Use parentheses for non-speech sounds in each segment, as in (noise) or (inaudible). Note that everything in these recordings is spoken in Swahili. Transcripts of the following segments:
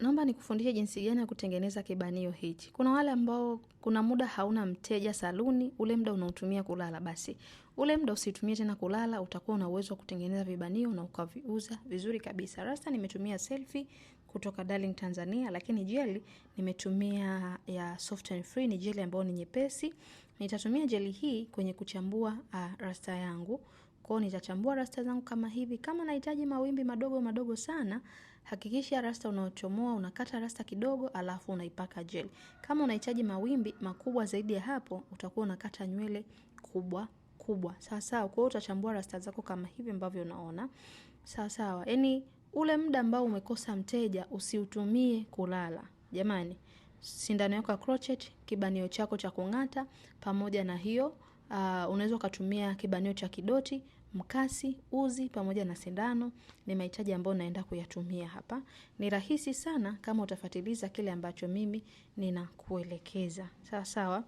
naomba nikufundishe jinsi gani ya kutengeneza kibanio hichi. Kuna wale ambao kuna muda hauna mteja saluni, ule muda unaotumia kulala, basi ule muda usitumie tena kulala, utakuwa una uwezo wa kutengeneza vibanio na ukaviuza vizuri kabisa. Rasta nimetumia selfie kutoka Darling Tanzania, lakini jeli nimetumia ya soft and free, ni jeli ambayo ni nyepesi. Nitatumia jeli hii kwenye kuchambua uh, rasta yangu. kwao. nitachambua rasta zangu kama hivi. Kama nahitaji mawimbi madogo madogo sana Hakikisha rasta unaochomoa unakata rasta kidogo, alafu unaipaka gel. Kama unahitaji mawimbi makubwa zaidi ya hapo, utakuwa unakata nywele kubwa kubwa, sawa sawa. Kwa hiyo utachambua rasta zako kama hivi ambavyo unaona, sawa sawa. Yani ule muda ambao umekosa mteja usiutumie kulala jamani. Sindano yako ya crochet, kibanio chako cha kung'ata, pamoja na hiyo uh, unaweza ukatumia kibanio cha kidoti mkasi, uzi pamoja na sindano ni mahitaji ambayo naenda kuyatumia hapa. Ni rahisi sana kama utafatiliza kile ambacho mimi ninakuelekeza. Sawa sawa.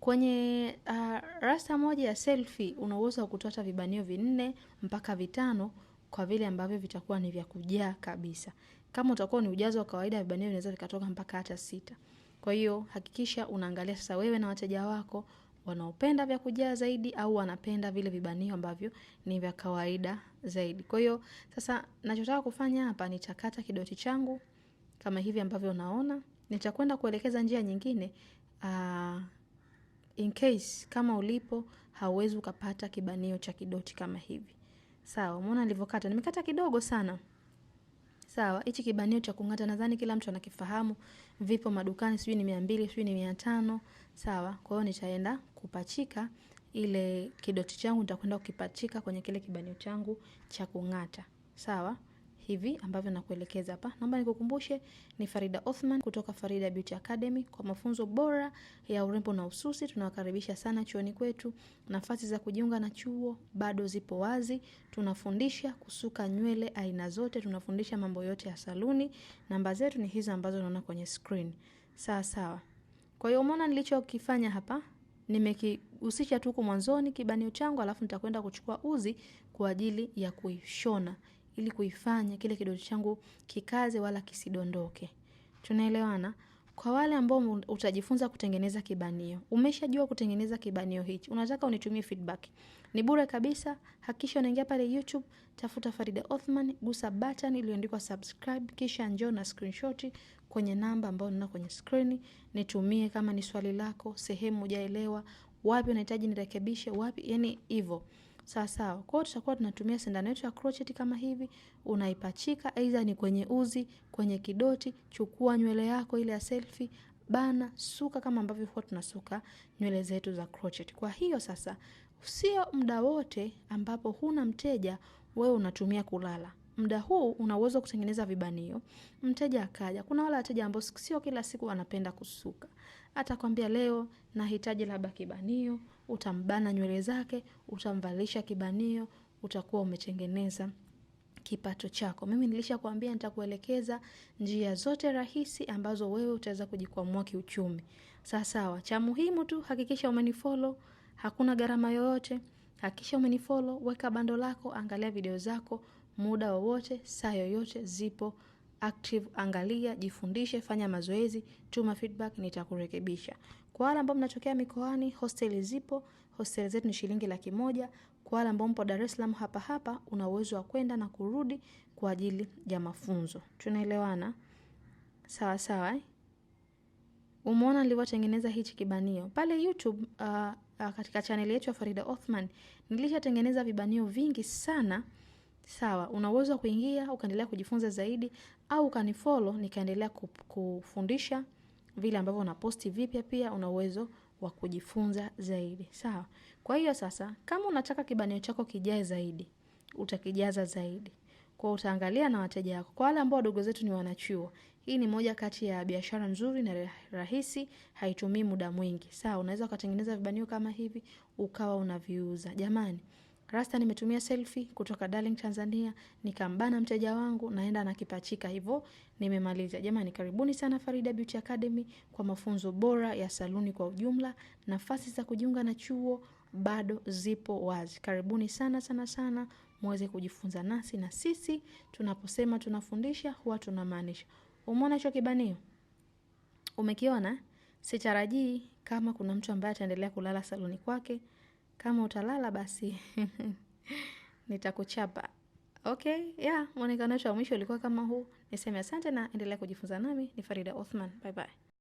Kwenye uh, rasta moja ya selfie una uwezo wa kutoa vibanio vinne mpaka vitano kwa vile ambavyo vitakuwa ni vya kujaa kabisa. Kama utakuwa ni ujazo wa kawaida, vibanio vinaweza vikatoka mpaka hata sita. Kwa hiyo hakikisha unaangalia sasa wewe na wateja wako wanaopenda vya kujaa zaidi au wanapenda vile vibanio ambavyo ni vya kawaida zaidi. Kwa hiyo sasa, nachotaka kufanya hapa nitakata kidoti changu kama hivi ambavyo unaona, nitakwenda kuelekeza njia nyingine uh, in case kama ulipo hauwezi ukapata kibanio cha kidoti kama hivi. Sawa, umeona nilivyokata, nimekata kidogo sana. Sawa, hichi kibanio cha kung'ata nadhani kila mtu anakifahamu, vipo madukani, sijui ni mia mbili, sijui ni mia tano. Sawa, kwa hiyo nitaenda kupachika ile kidoti changu, nitakwenda kukipachika kwenye kile kibanio changu cha kung'ata. Sawa hivi ambavyo nakuelekeza hapa. Naomba nikukumbushe, ni Farida Othman kutoka Farida Beauty Academy kwa mafunzo bora ya urembo na ususi. Tunawakaribisha sana chuoni kwetu. Nafasi za kujiunga na chuo bado zipo wazi. Tunafundisha kusuka nywele aina zote, tunafundisha mambo yote ya saluni. Namba zetu ni hizo ambazo unaona kwenye screen, sawa sawa. Kwa hiyo umeona nilichokifanya hapa nimekihusisha tu huko mwanzoni kibanio changu, alafu nitakwenda kuchukua uzi kwa ajili ya kuishona ili kuifanya kile kidole changu kikaze wala kisidondoke. Tunaelewana? Kwa wale ambao utajifunza kutengeneza kibanio, umeshajua kutengeneza kibanio hichi, unataka unitumie feedback, ni bure kabisa. Hakikisha unaingia pale YouTube, tafuta Farida Othman, gusa button iliyoandikwa subscribe, kisha njoo na screenshot kwenye namba ambayo nina kwenye screen, nitumie kama ni swali lako, sehemu hujaelewa, wapi unahitaji nirekebishe, wapi, yani hivyo sawa sawa. Kwa hiyo tutakuwa tunatumia sindano yetu ya crochet kama hivi, unaipachika aidha ni kwenye uzi, kwenye kidoti, chukua nywele yako ile ya selfie bana, suka kama ambavyo huwa tunasuka nywele zetu za crochet. Kwa hiyo sasa, sio muda wote ambapo huna mteja wewe unatumia kulala muda huu una uwezo wa kutengeneza vibanio, mteja akaja. Kuna wale wateja ambao sio kila siku wanapenda kusuka, atakwambia leo nahitaji labda kibanio, utambana nywele zake, utamvalisha kibanio, utakuwa umetengeneza kipato chako. Mimi nilishakwambia nitakuelekeza njia zote rahisi ambazo wewe utaweza kujikwamua kiuchumi. Sawa sawa, cha muhimu tu hakikisha umenifollow, hakuna gharama yoyote. Hakikisha umenifollow, weka bando lako, angalia video zako muda wowote, saa yoyote zipo active, angalia, jifundishe, fanya mazoezi, tuma feedback, nitakurekebisha. Kwa wale ambao mnatokea mikoani, hosteli zipo. Hosteli zetu ni shilingi laki moja. Kwa wale ambao mpo Dar es Salaam hapa hapa, una uwezo wa kwenda na kurudi kwa ajili ya mafunzo. Tunaelewana sawa sawa? eh? Umeona nilivyotengeneza hichi kibanio pale YouTube. Uh, uh, katika chaneli yetu ya Farida Othman nilishatengeneza vibanio vingi sana sawa, una uwezo wa kuingia ukaendelea kujifunza zaidi, au ukanifollow nikaendelea kufundisha vile ambavyo na posti vipya, pia una uwezo wa kujifunza zaidi, sawa. Kwa hiyo sasa, kama unataka kibanio chako kijae zaidi, utakijaza zaidi kwa utaangalia na wateja wako. Kwa wale ambao wadogo zetu ni wanachuo, hii ni moja kati ya biashara nzuri na rahisi, haitumii muda mwingi. Sawa, unaweza ukatengeneza vibanio kama hivi ukawa unaviuza. Jamani, Rasta nimetumia selfie kutoka Darling Tanzania, nikambana mteja wangu naenda nakipachika hivyo, nimemaliza. Jamani, karibuni sana Farida Beauty Academy kwa mafunzo bora ya saluni kwa ujumla. Nafasi za kujiunga na chuo bado zipo wazi. Karibuni sana sana sana muweze kujifunza nasi, na sisi tunaposema tunafundisha huwa tunamaanisha. Umeona hicho kibanio? Umekiona? Sitarajii kama kuna mtu ambaye ataendelea kulala saluni kwake. Kama utalala basi (laughs) nitakuchapa. Okay, yeah, mwonekano wetu wa mwisho ulikuwa kama huu. Niseme asante na endelea kujifunza nami. Ni Farida Othman. Bye bye.